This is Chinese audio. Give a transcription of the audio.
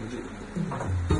你就。